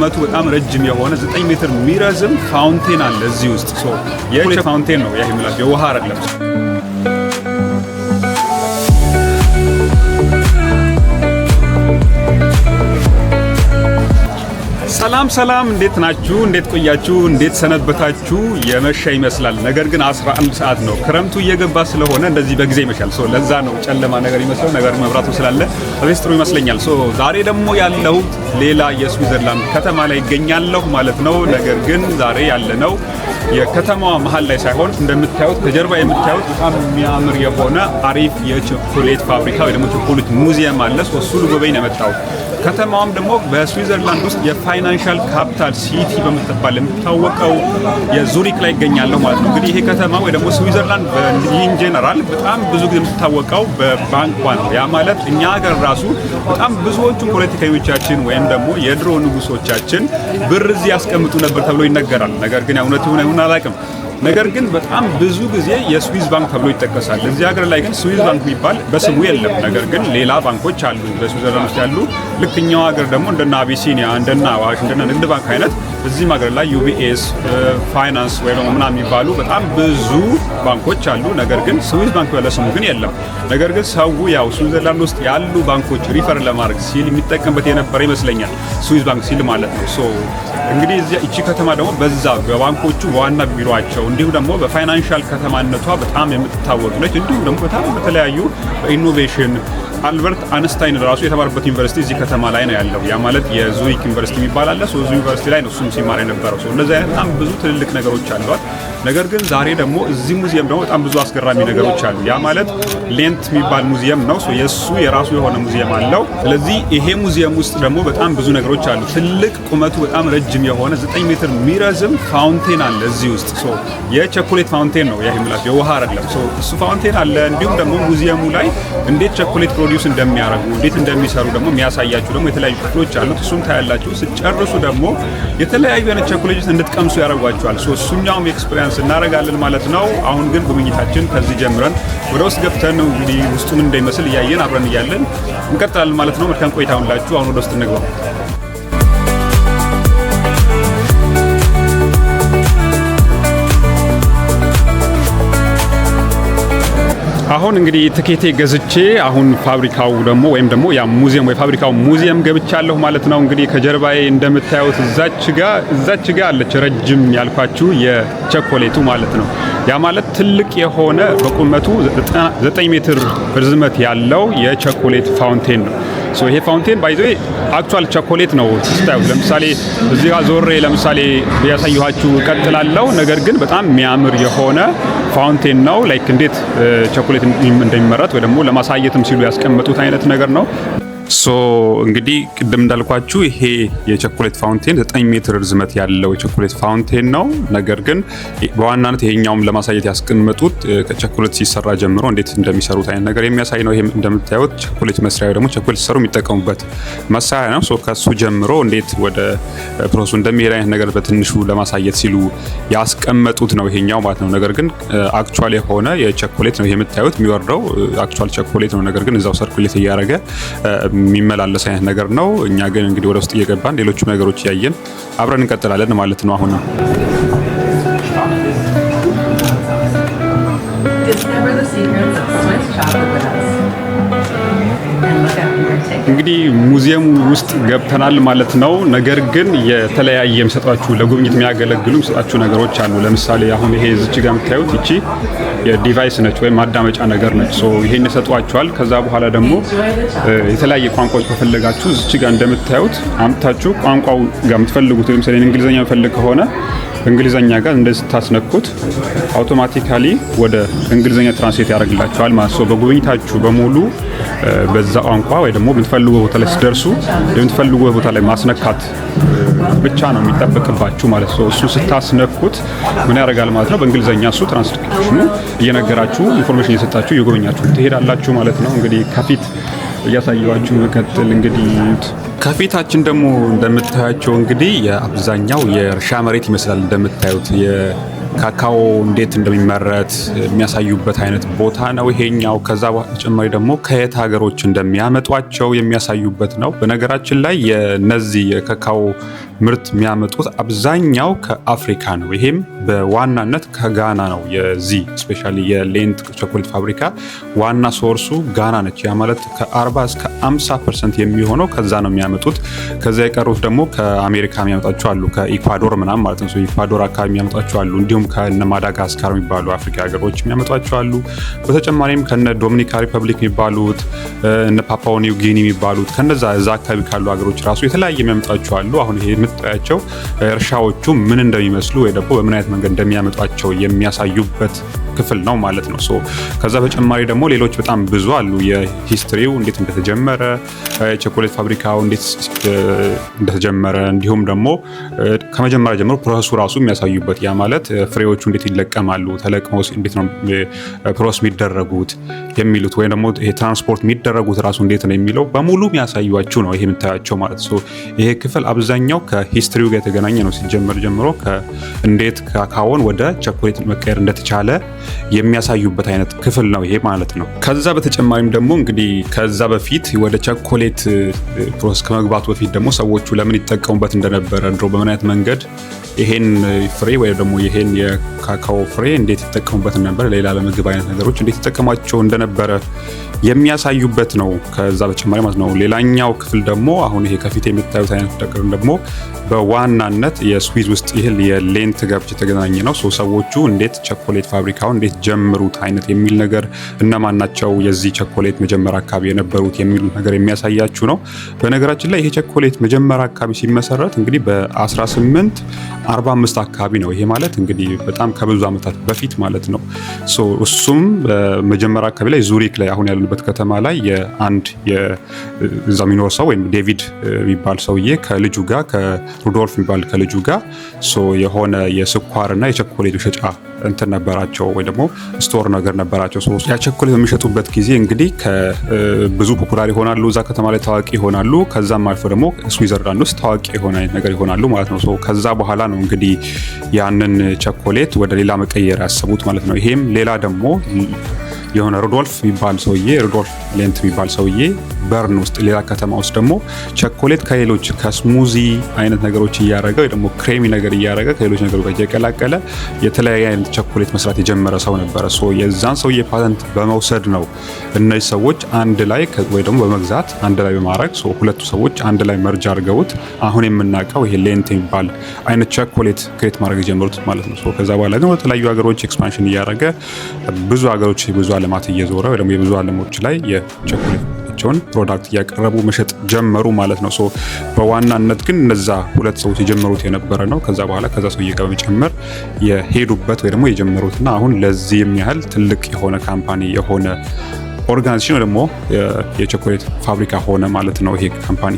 ቁመቱ በጣም ረጅም የሆነ 9 ሜትር የሚረዝም ፋውንቴን አለ እዚህ ውስጥ። የቼ ፋውንቴን ነው የውሃ አይደለም። ሰላም ሰላም፣ እንዴት ናችሁ? እንዴት ቆያችሁ? እንዴት ሰነበታችሁ? የመሸ ይመስላል፣ ነገር ግን 11 ሰዓት ነው። ክረምቱ እየገባ ስለሆነ እንደዚህ በጊዜ ይመሻል። ሶ ለዛ ነው ጨለማ ነገር ይመስለው፣ ነገር መብራቱ ስላለ አቤት ጥሩ ይመስለኛል። ሶ ዛሬ ደግሞ ያለሁት ሌላ የስዊዘርላንድ ከተማ ላይ ይገኛለሁ ማለት ነው። ነገር ግን ዛሬ ያለነው የከተማዋ መሀል ላይ ሳይሆን እንደምታዩት ከጀርባ የምታዩት በጣም የሚያምር የሆነ አሪፍ የቸኮሌት ፋብሪካ ወይ ደግሞ ቸኮሌት ሙዚየም አለ። እሱ ልጎበኝ ነው የመጣሁት። ከተማውም ደግሞ በስዊዘርላንድ ውስጥ የፋይናንሻል ካፒታል ሲቲ በምትባል የምታወቀው የዙሪክ ላይ ይገኛለሁ ማለት ነው። እንግዲህ ይሄ ከተማ ወይ ደግሞ ስዊዘርላንድ ኢን ጄኔራል በጣም ብዙ ጊዜ የምትታወቀው በባንኳ ነው። ያ ማለት እኛ ሀገር ራሱ በጣም ብዙዎቹ ፖለቲከኞቻችን ወይም ደግሞ የድሮ ንጉሶቻችን ብር እዚህ ያስቀምጡ ነበር ተብሎ ይነገራል። ነገር ግን እውነት ይሁን አይሁን አላውቅም። ነገር ግን በጣም ብዙ ጊዜ የስዊዝ ባንክ ተብሎ ይጠቀሳል። እዚህ ሀገር ላይ ግን ስዊዝ ባንክ የሚባል በስሙ የለም። ነገር ግን ሌላ ባንኮች አሉ በስዊዘርላንድ ውስጥ ያሉ። ልክኛው ሀገር ደግሞ እንደና አቢሲኒያ፣ እንደና አዋሽ፣ እንደና ንግድ ባንክ አይነት እዚህም ሀገር ላይ ዩቢኤስ ፋይናንስ ወይ ደግሞ ምናምን የሚባሉ በጣም ብዙ ባንኮች አሉ። ነገር ግን ስዊዝ ባንክ ስሙ ግን የለም። ነገር ግን ሰው ያው ስዊዘርላንድ ውስጥ ያሉ ባንኮች ሪፈር ለማድረግ ሲል የሚጠቀምበት የነበረ ይመስለኛል። ስዊዝ ባንክ ሲል ማለት ነው። እንግዲህ እቺ ከተማ ደግሞ በዛ በባንኮቹ በዋና ቢሮቸው እንዲሁም ደግሞ በፋይናንሻል ከተማነቷ በጣም የምትታወቅ ነች። እንዲሁም ደግሞ በጣም በተለያዩ በኢኖቬሽን አልበርት አንስታይን ራሱ የተማረበት ዩኒቨርሲቲ እዚህ ከተማ ላይ ነው ያለው። ያ ማለት የዙሪክ ዩኒቨርሲቲ የሚባል አለ። ሶ ዩኒቨርሲቲ ላይ ነው እሱም ሲማር የነበረው። ሰው እንደዚህ አይነት በጣም ብዙ ትልልቅ ነገሮች አሏት። ነገር ግን ዛሬ ደግሞ እዚህ ሙዚየም ደግሞ በጣም ብዙ አስገራሚ ነገሮች አሉ። ያ ማለት ሌንት የሚባል ሙዚየም ነው። የእሱ የራሱ የሆነ ሙዚየም አለው። ስለዚህ ይሄ ሙዚየም ውስጥ ደግሞ በጣም ብዙ ነገሮች አሉ። ትልቅ ቁመቱ በጣም ረጅም የሆነ 9 ሜትር የሚረዝም ፋውንቴን አለ እዚህ ውስጥ። የቸኮሌት ፋውንቴን ነው። ይህ የውሃ አይደለም። እሱ ፋውንቴን አለ። እንዲሁም ደግሞ ሙዚየሙ ላይ እንዴት ቸኮሌት ፕሮዲውስ እንደሚያደርጉ እንዴት እንደሚሰሩ ደግሞ የሚያሳያችሁ ደግሞ የተለያዩ ክፍሎች አሉት። እሱን ታያላችሁ። ስጨርሱ ደግሞ የተለያዩ አይነት ቸኮሌቶች እንድትቀምሱ ያደርጓቸዋል። እሱኛውም ኤክስፔሪንስ እናደርጋለን ማለት ነው። አሁን ግን ጉብኝታችን ከዚህ ጀምረን ወደ ውስጥ ገብተን እንግዲህ ውስጡ ምን እንደሚመስል እያየን አብረን እያለን እንቀጥላለን ማለት ነው። መልካም ቆይታ ሁንላችሁ። አሁን ወደ ውስጥ እንግባ። አሁን እንግዲህ ትኬቴ ገዝቼ አሁን ፋብሪካው ደግሞ ወይም ደግሞ ያ ሙዚየም ወይ ፋብሪካው ሙዚየም ገብቻለሁ ማለት ነው። እንግዲህ ከጀርባዬ እንደምታዩት እዛች ጋ እዛች ጋ አለች ረጅም ያልኳችሁ የቸኮሌቱ ማለት ነው። ያ ማለት ትልቅ የሆነ በቁመቱ 9 ሜትር ርዝመት ያለው የቸኮሌት ፋውንቴን ነው። ሶ ይሄ ፋውንቴን ባይዞ አክቹዋል ቸኮሌት ነው ስታዩት። ለምሳሌ እዚህ ጋር ዞሬ ለምሳሌ ያሳየኋችሁ እቀጥላለሁ። ነገር ግን በጣም የሚያምር የሆነ ፋውንቴን ነው። ላይክ እንዴት ቸኮሌት እንደሚመረት ወይ ደግሞ ለማሳየትም ሲሉ ያስቀመጡት አይነት ነገር ነው። ሶ እንግዲህ ቅድም እንዳልኳችሁ ይሄ የቸኮሌት ፋውንቴን 9 ሜትር ርዝመት ያለው የቸኮሌት ፋውንቴን ነው። ነገር ግን በዋናነት ይሄኛውም ለማሳየት ያስቀመጡት ከቸኮሌት ሲሰራ ጀምሮ እንዴት እንደሚሰሩት አይነት ነገር የሚያሳይ ነው። ይሄም እንደምታዩት ቸኮሌት መስሪያ ደግሞ ቸኮሌት ሲሰሩ የሚጠቀሙበት መሳሪያ ነው። ሶ ከሱ ጀምሮ እንዴት ወደ ፕሮሰሱ እንደሚሄድ አይነት ነገር በትንሹ ለማሳየት ሲሉ ያስቀመጡት ነው ይሄኛው ማለት ነው። ነገር ግን አክቹዋል የሆነ የቸኮሌት ነው ይሄ የምታዩት የሚወርደው አክቹዋል ቸኮሌት ነው። ነገር ግን እዛው ሰርኩሌት እያደረገ የሚመላለስ አይነት ነገር ነው። እኛ ግን እንግዲህ ወደ ውስጥ እየገባን ሌሎቹ ነገሮች እያየን አብረን እንቀጥላለን ማለት ነው። አሁን ነው እንግዲህ ሙዚየሙ ውስጥ ገብተናል ማለት ነው። ነገር ግን የተለያየ የሚሰጧችሁ ለጉብኝት የሚያገለግሉ የሚሰጣችሁ ነገሮች አሉ። ለምሳሌ አሁን ይሄ ዝች ጋር የምታዩት ይቺ የዲቫይስ ነች ወይም ማዳመጫ ነገር ነች። ይሄን ይሰጧችኋል። ከዛ በኋላ ደግሞ የተለያየ ቋንቋዎች ከፈለጋችሁ ዝች ጋር እንደምታዩት አምታችሁ ቋንቋው ጋር የምትፈልጉት ለምሳሌ እንግሊዝኛ የምፈልግ ከሆነ እንግሊዘኛ ጋር እንደዚህ ስታስነኩት አውቶማቲካሊ ወደ እንግሊዝኛ ትራንስሌት ያደርግላችኋል ማለት ነው። በጉብኝታችሁ በሙሉ በዛ ቋንቋ ወይ ደግሞ የምትፈልጉ ቦታ ላይ ሲደርሱ የምትፈልጉ ቦታ ላይ ማስነካት ብቻ ነው የሚጠበቅባችሁ ማለት ነው። እሱ ስታስነኩት ምን ያደርጋል ማለት ነው። በእንግሊዝኛ እሱ ትራንስሌሽኑ እየነገራችሁ ኢንፎርሜሽን እየሰጣችሁ እየጎበኛችሁ ትሄዳላችሁ ማለት ነው። እንግዲህ ከፊት እያሳየዋችሁ መቀጥል እንግዲህ ከፊታችን ደግሞ እንደምታያቸው እንግዲህ የአብዛኛው የእርሻ መሬት ይመስላል እንደምታዩት ካካዎ እንዴት እንደሚመረት የሚያሳዩበት አይነት ቦታ ነው ይሄኛው። ከዛ በተጨማሪ ደግሞ ከየት ሀገሮች እንደሚያመጧቸው የሚያሳዩበት ነው። በነገራችን ላይ የነዚህ የካካዎ ምርት የሚያመጡት አብዛኛው ከአፍሪካ ነው። ይሄም በዋናነት ከጋና ነው። የዚህ ስፔሻሊ የሌንት ቸኮሌት ፋብሪካ ዋና ሶርሱ ጋና ነች። ያ ማለት ከ40 እስከ 50 ፐርሰንት የሚሆነው ከዛ ነው የሚያመጡት። ከዛ የቀሩት ደግሞ ከአሜሪካ የሚያመጣቸው አሉ፣ ከኢኳዶር ምናም ማለት ነው። ኢኳዶር አካባቢ የሚያመጣቸው አሉ። እንዲሁም ከነ ማዳጋስካር የሚባሉ አፍሪካ ሀገሮች የሚያመጣቸው አሉ። በተጨማሪም ከነ ዶሚኒካ ሪፐብሊክ የሚባሉት እነ ፓፓ ኒው ጊኒ የሚባሉት ከነዛ እዛ አካባቢ ካሉ ሀገሮች ራሱ የተለያየ የሚያመጣቸው አሉ። አሁን ይሄ የምታያቸው እርሻዎቹ ምን እንደሚመስሉ ወይ ደግሞ በምን አይነት መንገድ እንደሚያመጧቸው የሚያሳዩበት ክፍል ነው ማለት ነው። ከዛ በተጨማሪ ደግሞ ሌሎች በጣም ብዙ አሉ። የሂስትሪው እንዴት እንደተጀመረ፣ የቸኮሌት ፋብሪካው እንዴት እንደተጀመረ እንዲሁም ደግሞ ከመጀመሪያ ጀምሮ ፕሮሰሱ ራሱ የሚያሳዩበት ያ ማለት ፍሬዎቹ እንዴት ይለቀማሉ፣ ተለቅመው እንዴት ነው ፕሮሰስ የሚደረጉት የሚሉት ወይም ደግሞ ይሄ ትራንስፖርት የሚደረጉት ራሱ እንዴት ነው የሚለው በሙሉ የሚያሳዩችሁ ነው ይሄ የምታያቸው ማለት ነው። ይሄ ክፍል አብዛኛው ከ ከሂስትሪው ጋር የተገናኘ ነው። ሲጀመር ጀምሮ እንዴት ካካዎን ወደ ቸኮሌት መቀየር እንደተቻለ የሚያሳዩበት አይነት ክፍል ነው ይሄ ማለት ነው። ከዛ በተጨማሪም ደግሞ እንግዲህ ከዛ በፊት ወደ ቸኮሌት ፕሮሰስ ከመግባቱ በፊት ደግሞ ሰዎቹ ለምን ይጠቀሙበት እንደነበረ ድሮ በምን አይነት መንገድ ይሄን ፍሬ ወይ ደግሞ ይሄን የካካዎ ፍሬ እንዴት ይጠቀሙበት ነበር፣ ሌላ ለምግብ አይነት ነገሮች እንዴት ይጠቀሟቸው እንደነበረ የሚያሳዩበት ነው። ከዛ በተጨማሪ ማለት ነው። ሌላኛው ክፍል ደግሞ አሁን ይሄ ከፊት የምታዩት አይነት ደግሞ በዋናነት የስዊዝ ውስጥ ይህል የሌንት ጋር የተገናኘ ነው። ሰዎቹ እንዴት ቸኮሌት ፋብሪካውን እንዴት ጀምሩት አይነት የሚል ነገር እነማን ናቸው የዚህ ቸኮሌት መጀመር አካባቢ የነበሩት የሚሉት ነገር የሚያሳያችሁ ነው። በነገራችን ላይ ይሄ ቸኮሌት መጀመሪያ አካባቢ ሲመሰረት እንግዲህ በ1845 አካባቢ ነው። ይሄ ማለት እንግዲህ በጣም ከብዙ ዓመታት በፊት ማለት ነው። እሱም መጀመሪያ አካባቢ ላይ ዙሪክ ላይ አሁን ያለንበት ከተማ ላይ የአንድ እዛ የሚኖር ሰው ወይም ዴቪድ የሚባል ሰውዬ ከልጁ ጋር ሩዶልፍ የሚባል ከልጁ ጋር የሆነ የስኳርና የቸኮሌት መሸጫ እንትን ነበራቸው ወይ ደግሞ ስቶር ነገር ነበራቸው። ያ በሚሸጡበት ጊዜ እንግዲህ ብዙ ፖፑላር ይሆናሉ፣ እዛ ከተማ ላይ ታዋቂ ይሆናሉ። ከዛም አልፎ ደግሞ ስዊዘርላንድ ውስጥ ታዋቂ የሆነ ነገር ይሆናሉ ማለት ነው። ከዛ በኋላ ነው እንግዲህ ያንን ቸኮሌት ወደ ሌላ መቀየር ያሰቡት ማለት ነው። ይሄም ሌላ ደግሞ የሆነ ሩዶልፍ የሚባል ሰውዬ ሩዶልፍ ሌንት የሚባል ሰውዬ በርን ውስጥ ሌላ ከተማ ውስጥ ደግሞ ቸኮሌት ከሌሎች ከስሙዚ አይነት ነገሮች እያረገ ወይ ደግሞ ክሬሚ ነገር እያረገ ከሌሎች ነገሮች ጋር እየቀላቀለ የተለያየ አይነት ቸኮሌት መስራት የጀመረ ሰው ነበረ። የዛን ሰውዬ ፓተንት በመውሰድ ነው እነዚህ ሰዎች አንድ ላይ ወይ ደግሞ በመግዛት አንድ ላይ በማድረግ ሁለቱ ሰዎች አንድ ላይ መርጃ አድርገውት አሁን የምናውቀው ይሄ ሌንት የሚባል አይነት ቸኮሌት ክሬት ማድረግ የጀመሩት ማለት ነው። ከዛ በኋላ ግን ወደተለያዩ ሀገሮች ኤክስፓንሽን እያደረገ ብዙ ሀገሮች ብዙ አለማት እየዞረ ወይ ደግሞ የብዙ አለሞች ላይ የቸኮሌቶቻቸውን ፕሮዳክት እያቀረቡ መሸጥ ጀመሩ ማለት ነው። በዋናነት ግን እነዛ ሁለት ሰዎች የጀመሩት የነበረ ነው። ከዛ በኋላ ከዛ ሰውዬ ጋር በመጨመር የሄዱበት ወይ ደግሞ የጀመሩትና አሁን ለዚህም የሚያህል ትልቅ የሆነ ካምፓኒ የሆነ ኦርጋናይዜሽን ደግሞ የቸኮሌት ፋብሪካ ሆነ ማለት ነው ይሄ ካምፓኒ።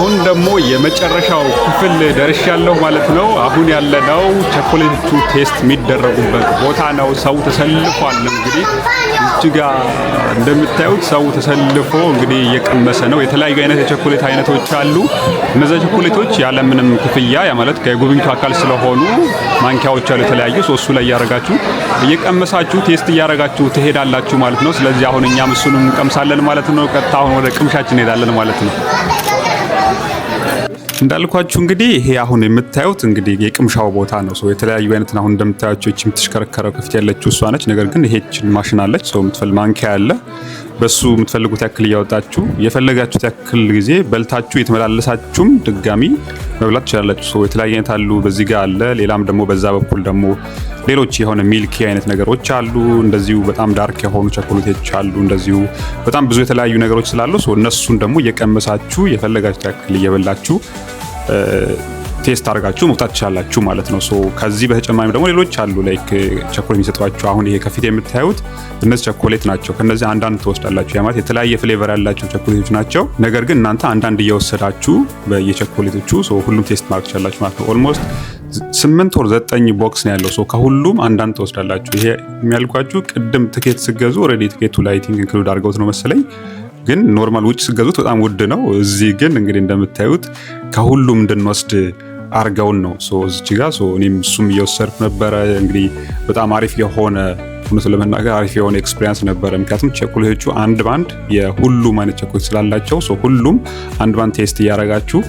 አሁን ደግሞ የመጨረሻው ክፍል ደርሻለሁ ማለት ነው። አሁን ያለነው ቸኮሌቱ ቴስት የሚደረጉበት ቦታ ነው። ሰው ተሰልፏል። እንግዲህ እዚህ እንደምታዩት ሰው ተሰልፎ እንግዲህ እየቀመሰ ነው። የተለያዩ አይነት የቸኮሌት አይነቶች አሉ። እነዚ ቸኮሌቶች ያለምንም ክፍያ ያ ማለት ከጉብኝቱ አካል ስለሆኑ ማንኪያዎች አሉ የተለያዩ ሶሱ ላይ እያረጋችሁ እየቀመሳችሁ ቴስት እያረጋችሁ ትሄዳላችሁ ማለት ነው። ስለዚህ አሁን እኛም እሱንም እንቀምሳለን ማለት ነው። ቀጥታ አሁን ወደ ቅምሻችን እንሄዳለን ማለት ነው። እንዳልኳችሁ እንግዲህ ይሄ አሁን የምታዩት እንግዲህ የቅምሻው ቦታ ነው። ሰው የተለያዩ አይነት አሁን እንደምታያቸው የምትሽከረከረው ክፍት ያለችው እሷ ነች። ነገር ግን ይሄችን ማሽን አለች። ሰው የምትፈል ማንኪያ አለ በሱ የምትፈልጉት ያክል እያወጣችሁ የፈለጋችሁት ያክል ጊዜ በልታችሁ የተመላለሳችሁም ድጋሚ መብላት ትችላላችሁ። የተለያየ አይነት አሉ። በዚህ ጋር አለ። ሌላም ደግሞ በዛ በኩል ደግሞ ሌሎች የሆነ ሚልኪ አይነት ነገሮች አሉ። እንደዚሁ በጣም ዳርክ የሆኑ ቸኮሌቶች አሉ። እንደዚሁ በጣም ብዙ የተለያዩ ነገሮች ስላሉ እነሱን ደግሞ እየቀመሳችሁ የፈለጋችሁት ያክል እየበላችሁ ቴስት አድርጋችሁ መውጣት ትችላላችሁ ማለት ነው። ከዚህ በተጨማሪም ደግሞ ሌሎች አሉ ላይክ ቸኮሌት የሚሰጧቸው አሁን ይሄ ከፊት የምታዩት እነዚህ ቸኮሌት ናቸው። ከነዚህ አንዳንድ ትወስዳላችሁ። ያ ማለት የተለያየ ፍሌቨር ያላቸው ቸኮሌቶች ናቸው። ነገር ግን እናንተ አንዳንድ እየወሰዳችሁ በየቸኮሌቶቹ ሁሉም ቴስት ማድረግ ትችላላችሁ ማለት ነው። ኦልሞስት ስምንት ወር ዘጠኝ ቦክስ ነው ያለው። ከሁሉም አንዳንድ ትወስዳላችሁ። ይሄ የሚያልኳችሁ ቅድም ትኬት ስገዙ ኦልሬዲ ትኬቱ ላይ ኢንክሉድ አድርገውት ነው መሰለኝ ግን ኖርማል ውጭ ስገዙት በጣም ውድ ነው። እዚህ ግን እንግዲህ እንደምታዩት ከሁሉም እንድንወስድ አርገውን ነው እዚች ጋ እኔም እሱም እየወሰድኩ ነበረ። እንግዲህ በጣም አሪፍ የሆነ እውነት ለመናገር አሪፍ የሆነ ኤክስፒሪያንስ ነበረ። ምክንያቱም ቸኮሌቶቹ አንድ ባንድ የሁሉም አይነት ቸኮሌት ስላላቸው ሁሉም አንድ ባንድ ቴስት እያረጋችሁ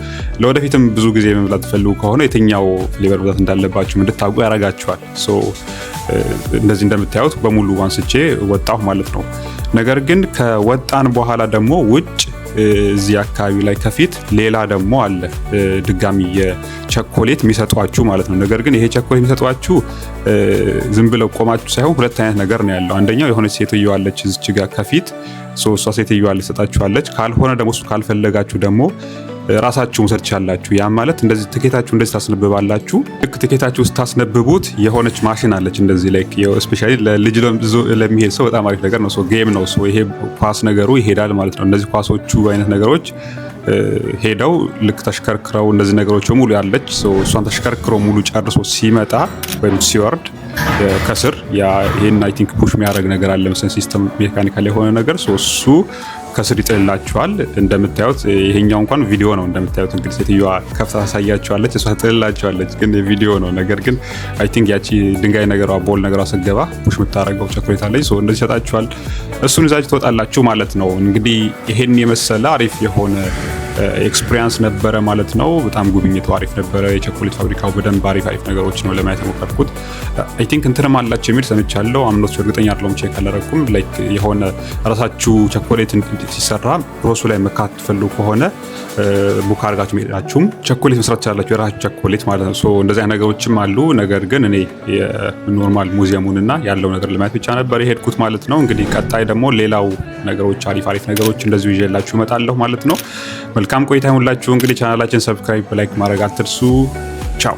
ለወደፊትም ብዙ ጊዜ መብላት ፈልጉ ከሆነ የትኛው ሌበር ብዛት እንዳለባችሁ እንድታውቁ ያረጋችኋል። እንደዚህ እንደምታዩት በሙሉ ዋንስቼ ወጣሁ ማለት ነው። ነገር ግን ከወጣን በኋላ ደግሞ ውጭ እዚህ አካባቢ ላይ ከፊት ሌላ ደግሞ አለ ድጋሚ የቸኮሌት የሚሰጧችሁ ማለት ነው። ነገር ግን ይሄ ቸኮሌት የሚሰጧችሁ ዝም ብለው ቆማችሁ ሳይሆን ሁለት አይነት ነገር ነው ያለው። አንደኛው የሆነች ሴትዮ አለች እዚች ጋር ከፊት ሶስቷ ሴትዮ አለች ካልሆነ ደግሞ እሱ ካልፈለጋችሁ ደግሞ ራሳችሁ ሰርች ያላችሁ ያ ማለት እንደዚህ ትኬታችሁ እንደዚህ ታስነብባላችሁ። ልክ ትኬታችሁ ስታስነብቡት የሆነች ማሽን አለች እንደዚህ ላይክ ስፔሻሊ ለልጅ ለሚሄድ ሰው በጣም አሪፍ ነገር ነው። ሶ ጌም ነው ሶ ይሄ ኳስ ነገሩ ይሄዳል ማለት ነው። እነዚህ ኳሶቹ አይነት ነገሮች ሄደው ልክ ተሽከርክረው እነዚህ ነገሮች ሙሉ ያለች እሷን ተሽከርክሮ ሙሉ ጨርሶ ሲመጣ ወይም ሲወርድ ከስር ይህን አይ ቲንክ ፑሽ የሚያደርግ ነገር አለ መሰለኝ ሲስተም ሜካኒካል የሆነ ነገር እሱ ከስር ይጥልላችኋል። እንደምታዩት ይሄኛው እንኳን ቪዲዮ ነው። እንደምታዩት እንግዲህ ሴትዮዋ ከፍታ ታሳያችኋለች፣ እሷ ትጥልላችኋለች፣ ግን ቪዲዮ ነው። ነገር ግን አይ ቲንክ ያቺ ድንጋይ ነገሯ ቦል ነገሯ ስገባ ፑሽ የምታደርገው ቸኮሌት አለች። እንደዚህ ይሰጣችኋል። እሱን ይዛችሁ ትወጣላችሁ ማለት ነው። እንግዲህ ይሄን የመሰለ አሪፍ የሆነ ኤክስፒሪያንስ ነበረ ማለት ነው። በጣም ጉብኝቱ አሪፍ ነበረ። የቸኮሌት ፋብሪካው በደንብ አሪፍ አሪፍ ነገሮች ነው ለማየት የሞከርኩት። አይ ቲንክ እንትንም አላቸው የሚል ሰምቻለሁ። አምኖች እርግጠኛ አይደለሁም፣ ቼክ አላደረኩም። ላይክ የሆነ ራሳችሁ ቸኮሌት ሲሰራ ፕሮሱ ላይ መካት ትፈልጉ ከሆነ ቡክ አድርጋችሁ መሄዳችሁም ቸኮሌት መስራት ቻላችሁ፣ የራሳችሁ ቸኮሌት ማለት ነው። እንደዚያ እንደዚህ ነገሮችም አሉ። ነገር ግን እኔ ኖርማል ሙዚየሙንና ያለው ነገር ለማየት ብቻ ነበር የሄድኩት ማለት ነው። እንግዲህ ቀጣይ ደግሞ ሌላው ነገሮች አሪፍ አሪፍ ነገሮች እንደዚሁ ይዤላችሁ እመጣለሁ ማለት ነው። መልካም ቆይታ ይሁንላችሁ። እንግዲህ ቻናላችን ሰብስክራይብ፣ ላይክ ማድረግ አትርሱ። ቻው